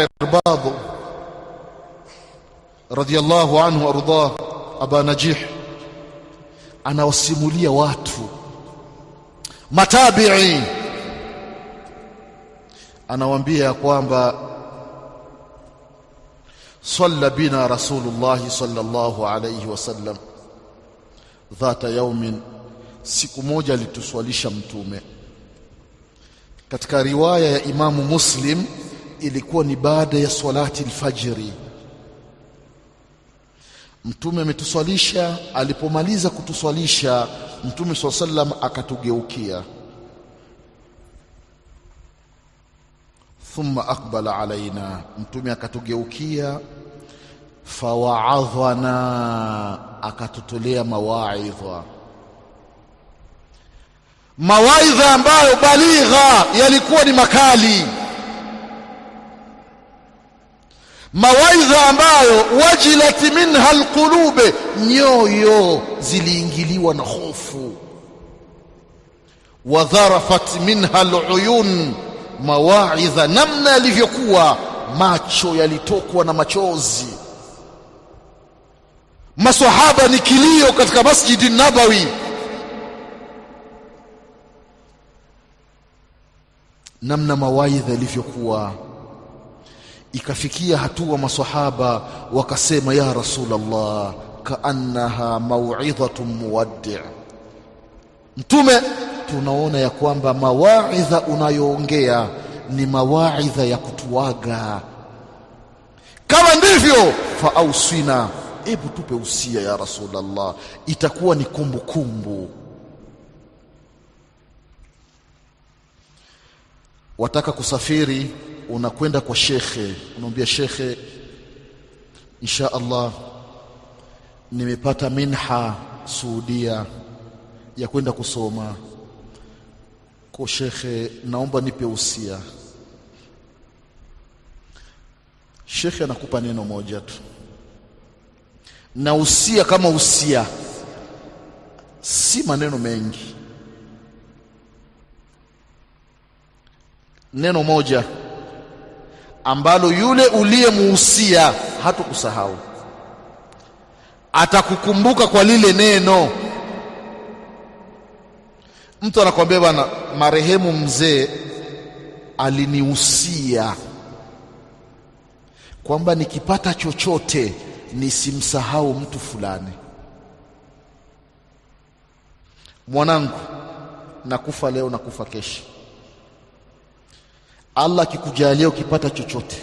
Irbad radhiallahu anhu ardah Aba Najih anawasimulia watu matabi'i anawaambia kwamba صلى بنا رسول الله صلى الله عليه وسلم ذات يوم siku moja alituswalisha mtume katika riwaya ya imamu Muslim ilikuwa ni baada ya salati alfajiri mtume ametuswalisha alipomaliza kutuswalisha mtume swalla sallam akatugeukia thumma aqbala alaina mtume akatugeukia fawaadhana akatutolea mawaidha mawaidha ambayo baligha yalikuwa ni makali mawaidha ambayo wajilat minha alqulube, nyoyo ziliingiliwa na hofu. Wadharafat minha aluyun, mawaidha namna yalivyokuwa macho yalitokwa na machozi. Masahaba ni kilio katika Masjidi Nabawi, namna mawaidha yalivyokuwa Ikafikia hatua masahaba wakasema, ya Rasulullah, kaannaha mauidhatu muwaddi. Mtume, tunaona ya kwamba mawaidha unayoongea ni mawaidha ya kutuaga. Kama ndivyo, faauswina hebu tupe usia ya Rasulullah, itakuwa ni kumbukumbu kumbu. Wataka kusafiri unakwenda kwa shekhe unamwambia shekhe insha Allah nimepata minha Saudia ya kwenda kusoma kwa shekhe naomba nipe usia shekhe anakupa neno moja tu na usia kama usia si maneno mengi neno moja ambalo yule uliyemuhusia hatukusahau atakukumbuka kwa lile neno. Mtu anakwambia bwana, marehemu mzee alinihusia kwamba nikipata chochote nisimsahau mtu fulani. Mwanangu, nakufa leo, nakufa kesho Allah akikujalia ukipata chochote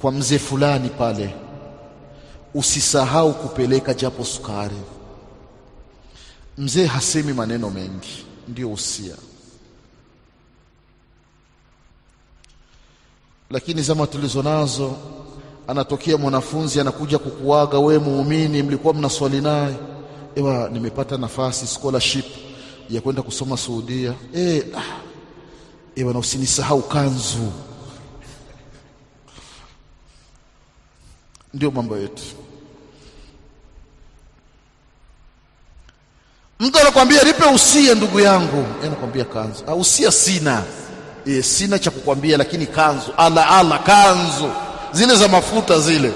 kwa mzee fulani pale, usisahau kupeleka japo sukari. Mzee hasemi maneno mengi, ndio usia. Lakini zama tulizo nazo, anatokea mwanafunzi anakuja kukuaga we, muumini, mlikuwa mnaswali naye, ewa, nimepata nafasi scholarship ya kwenda kusoma Saudia. E, ah e bwana, usinisahau kanzu. Ndio mambo yetu. Mtu anakwambia nipe usia, ndugu yangu, anakwambia kanzu. Ah, usia sina e, sina cha kukwambia, lakini kanzu, ala ala, kanzu zile za mafuta zile.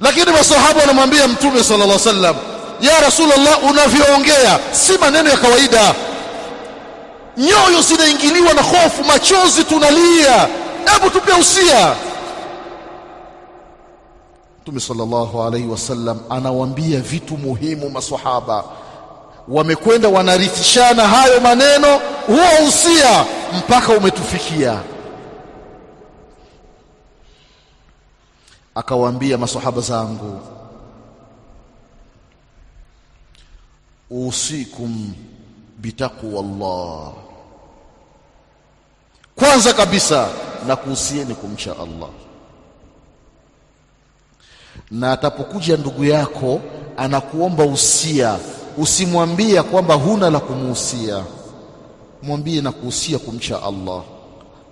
Lakini masahaba wanamwambia Mtume sallallahu alaihi wasallam, ya Rasulullah, unavyoongea si maneno ya kawaida nyoyo zinaingiliwa na hofu, machozi tunalia. Hebu tupe usia. Mtume sallallahu alaihi wasallam anawaambia vitu muhimu maswahaba, wamekwenda wanarithishana hayo maneno, huo usia mpaka umetufikia. Akawaambia maswahaba zangu, usikum bitaqwa Allah kwanza kabisa na kuhusieni kumcha Allah, na atapokuja ndugu yako anakuomba usia, usimwambie kwamba huna la kumuhusia, mwambie na kuhusia kumcha Allah.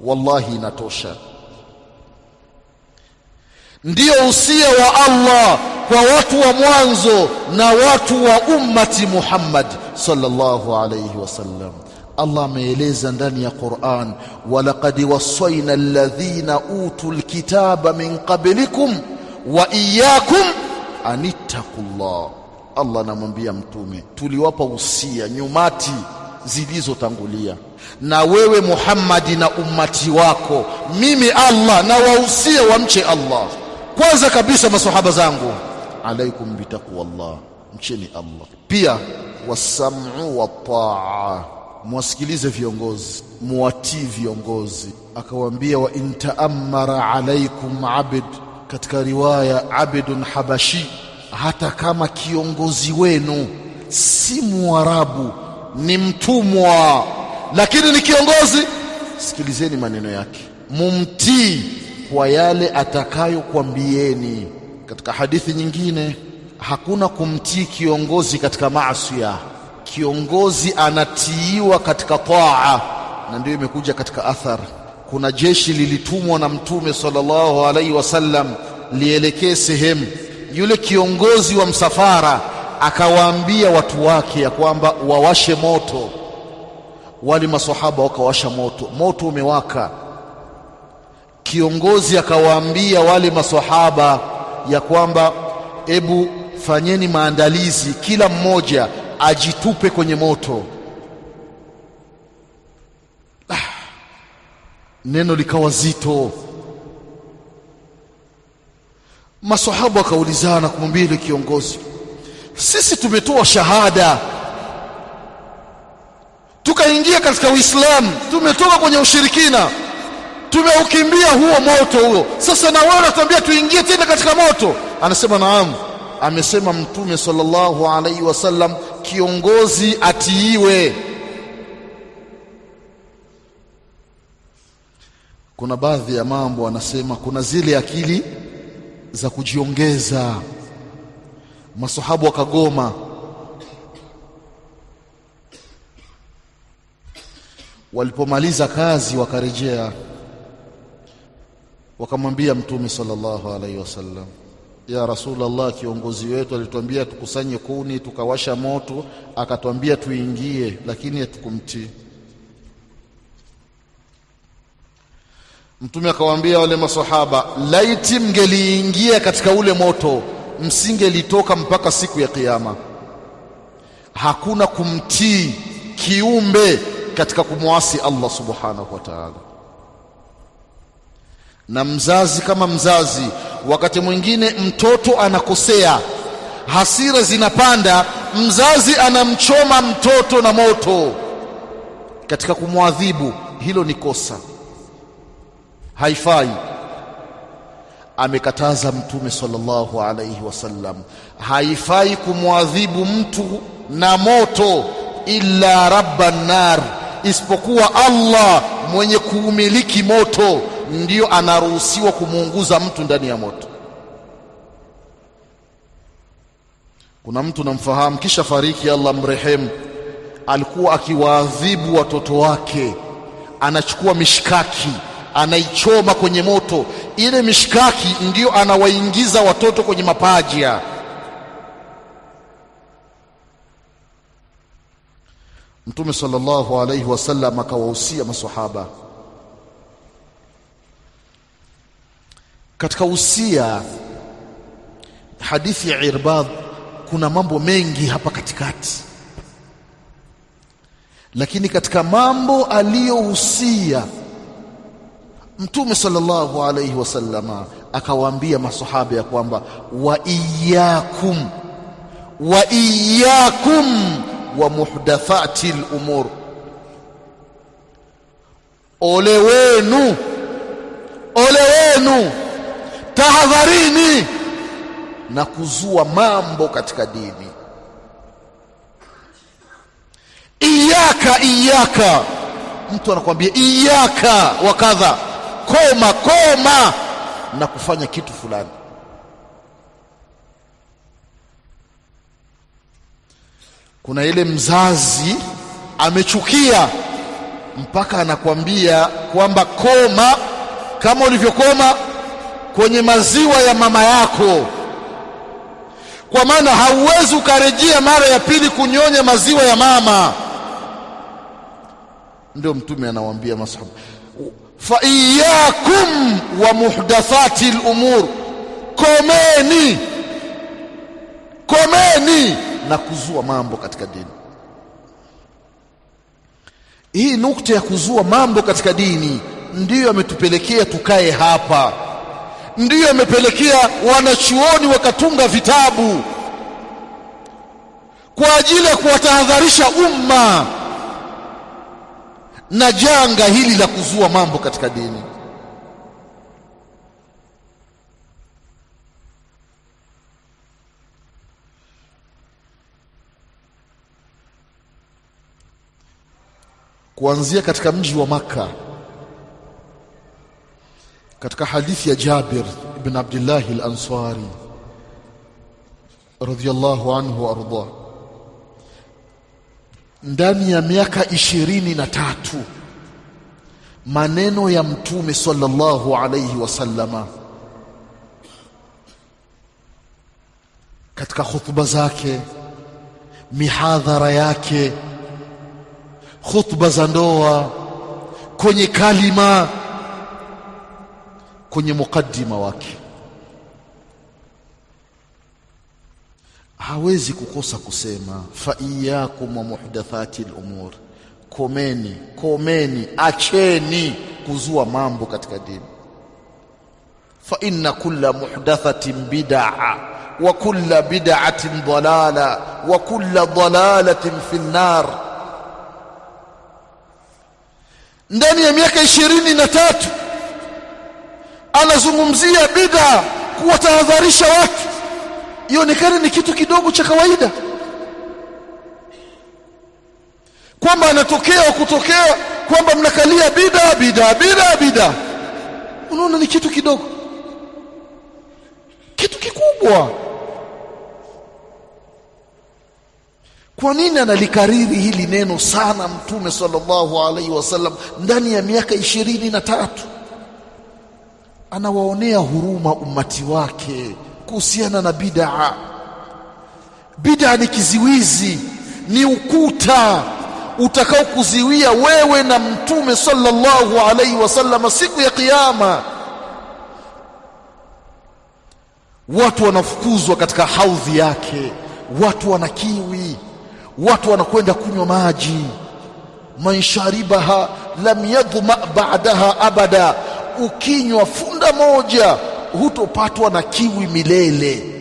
Wallahi inatosha. ndio usia wa Allah kwa watu wa mwanzo na watu wa ummati Muhammad sallallahu alayhi wasallam. Allah ameeleza ndani ya Qur'an, walaqad wasayna alladhina utul kitaba min qablikum wa iyyakum anittaqullah. Allah anamwambia Mtume, tuliwapa usia nyumati zilizotangulia, na wewe Muhammadi na ummati wako, mimi Allah na wahusia wamche Allah. Kwanza kabisa masahaba zangu, alaikum bitaqwallah, mcheni Allah. Pia wasam'u wataa mwasikilize viongozi, muwatii viongozi. Akawaambia, wa intaamara alaikum abid, katika riwaya abidun habashi, hata kama kiongozi wenu si Mwarabu, ni mtumwa, lakini ni kiongozi, sikilizeni maneno yake, mumtii kwa yale atakayokwambieni. Katika hadithi nyingine, hakuna kumtii kiongozi katika maasiya Kiongozi anatiiwa katika taa, na ndiyo imekuja katika athar. Kuna jeshi lilitumwa na Mtume sallallahu alaihi wasallam lielekee sehemu. Yule kiongozi wa msafara akawaambia watu wake ya kwamba wawashe moto. Wale masahaba wakawasha moto, moto umewaka. Kiongozi akawaambia wale masahaba ya kwamba, ebu fanyeni maandalizi, kila mmoja ajitupe kwenye moto. Ah, neno likawa zito. Masahabu akaulizana kumwambia ile kiongozi, sisi tumetoa shahada tukaingia katika Uislamu, tumetoka kwenye ushirikina, tumeukimbia huo moto huo. Sasa na wewe unatuambia tuingie tena katika moto? Anasema naamu amesema Mtume sallallahu alaihi wasallam, kiongozi atiiwe. Kuna baadhi ya mambo anasema, kuna zile akili za kujiongeza. Masahabu wakagoma, walipomaliza kazi wakarejea, wakamwambia Mtume sallallahu alaihi wasallam ya Rasulullah, kiongozi wetu alituambia tukusanye kuni tukawasha moto, akatuambia tuingie, lakini hatukumtii. Mtume akawaambia wale masahaba, laiti mngeliingia katika ule moto msingelitoka mpaka siku ya Kiyama. Hakuna kumtii kiumbe katika kumwasi Allah subhanahu wa ta'ala. Na mzazi kama mzazi Wakati mwingine mtoto anakosea, hasira zinapanda, mzazi anamchoma mtoto na moto katika kumwadhibu. Hilo ni kosa, haifai. Amekataza Mtume sallallahu alaihi wasallam, haifai kumwadhibu mtu na moto illa rabban nar, isipokuwa Allah mwenye kuumiliki moto ndio anaruhusiwa kumuunguza mtu ndani ya moto. Kuna mtu namfahamu, kisha fariki, Allah mrehemu, alikuwa akiwaadhibu watoto wake, anachukua mishkaki anaichoma kwenye moto. Ile mishkaki ndiyo anawaingiza watoto kwenye mapaja. Mtume sallallahu alayhi wasallam akawahusia maswahaba katika usia hadithi ya Irbadh kuna mambo mengi hapa katikati, lakini katika mambo aliyohusia Mtume sallallahu alayhi wasallama akawaambia masahaba ya kwamba wa iyyakum wa iyyakum wa muhdathati lumur, ole wenu, ole wenu tahadharini na kuzua mambo katika dini. Iyaka iyaka, mtu anakuambia iyaka wa kadha, koma koma na kufanya kitu fulani. Kuna ile mzazi amechukia mpaka anakuambia kwamba koma, kama ulivyokoma kwenye maziwa ya mama yako, kwa maana hauwezi ukarejea mara ya pili kunyonya maziwa ya mama. Ndio Mtume anawaambia masahaba, fa iyakum wa muhdathati al-umur, komeni komeni na kuzua mambo katika dini. Hii nukta ya kuzua mambo katika dini ndiyo ametupelekea tukae hapa ndiyo imepelekea wanachuoni wakatunga vitabu kwa ajili ya kuwatahadharisha umma na janga hili la kuzua mambo katika dini. Kuanzia katika mji wa maka katika hadithi ya Jabir ibn Abdullah al-Ansari radhiyallahu anhu arda ndani ya miaka ishirini na tatu maneno ya mtume sallallahu alayhi wasallama katika khutba zake mihadhara yake khutba za ndoa kwenye kalima kwenye mukaddima wake hawezi kukosa kusema fa iyyakum wa muhdathati lumur umur komeni komeni, acheni kuzua mambo katika dini. Fa inna kulla muhdathatin bid'a wa kulla bid'atin dalala wa kulla dalalatin fi an-nar. Ndani ya miaka ishirini na tatu anazungumzia bid'a kuwatahadharisha watu ionekane ni kitu kidogo cha kawaida kwamba anatokea kutokea kwamba mnakalia bid'a bid'a bid'a bid'a unaona ni kitu kidogo kitu kikubwa kwa nini analikariri hili neno sana mtume sallallahu alaihi wasallam ndani ya miaka ishirini na tatu anawaonea huruma ummati wake kuhusiana na bid'a. Bid'a ni kiziwizi, ni ukuta utakao kuziwia wewe na Mtume sallallahu alaihi wasallam siku ya Kiyama. Watu wanafukuzwa katika haudhi yake, watu wanakiwi, watu wanakwenda kunywa maji. man sharibaha lam yadhma ba'daha abada ukinywa funda moja hutopatwa na kiwi milele.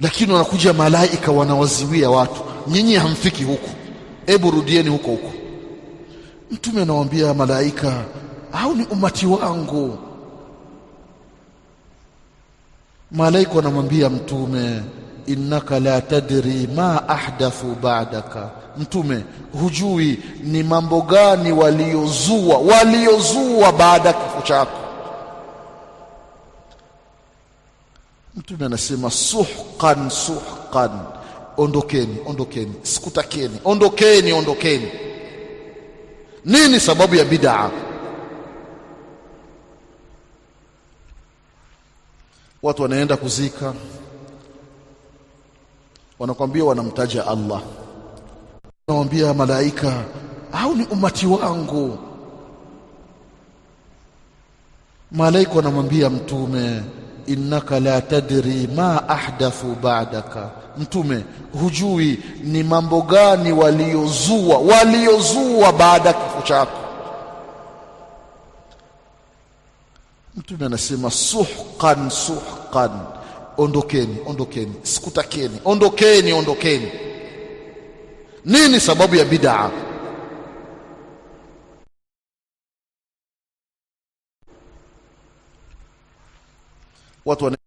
Lakini wanakuja malaika wanawaziwia watu, nyinyi hamfiki huku, hebu rudieni huko huko. Mtume anawaambia malaika, au ni umati wangu? Malaika wanamwambia Mtume innaka la tadri ma ahdathu ba'daka, Mtume hujui ni mambo gani waliozua waliozua baada ya kifo chako. Mtume anasema suhqan suhqan, ondokeni ondokeni, sikutakeni, ondokeni ondokeni. Nini sababu ya bid'a? Watu wanaenda kuzika wanakwambia wanamtaja Allah wanamwambia malaika au ni umati wangu malaika wanamwambia mtume innaka la tadri ma ahdathu ba'daka mtume hujui ni mambo gani waliozua waliozua baada ya kifo chako mtume anasema suhqan suhqan ondokeni, ondokeni, sikutakeni, ondokeni, ondokeni. Nini sababu ya bid'a? Watu